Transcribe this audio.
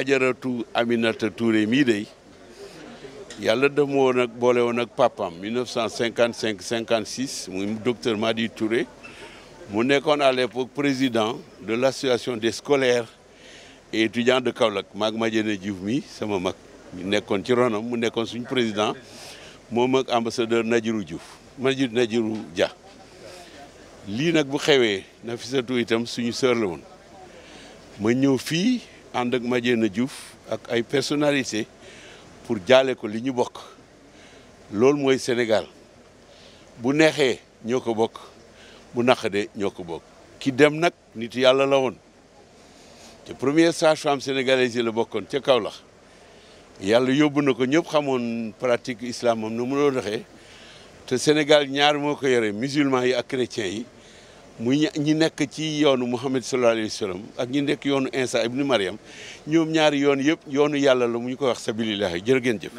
ajaratu Aminata Touré mi day yalla demo nak bolé won ak papam 1955 56 muy docteur Madi Touré mu nekkoon à l'époque président de l'association des scolaires et étudiants de Kaolack maag Madiène Diouf mi sama mag ñu nekkoon ci ronam mu nekkoon suñu président mom ak ambassadeur Najirou Djouf, Majid Najirou Dia Li nak bu xewee Nafisatou itam suñu sœur la won ma ñëw fi ànd ak Madiène Diouf ak ay personnalité pour jaale ko li ñu bokk loolu mooy Sénégal bu neexee ñoo ko bokk bu naqadee ñoo ko bokk ki dem nag nit yàlla la woon te premier sage-femme sénégalaise yi la bokkoon ca kaw lax yàlla yóbbu na ko ñëpp xamoon pratique islam moom na mu doxe te Sénégal ñaar moo ko yore musulman yi ak chrétien yi muy ñi nekk ci yoonu Muhammad sallallahu alayhi ak ñi nekk yoonu Insa ibnu Mariam ñoom ñaari yoon yëpp yoonu yàlla la mu ñu ko wax sabilillahi jël ngeen jëf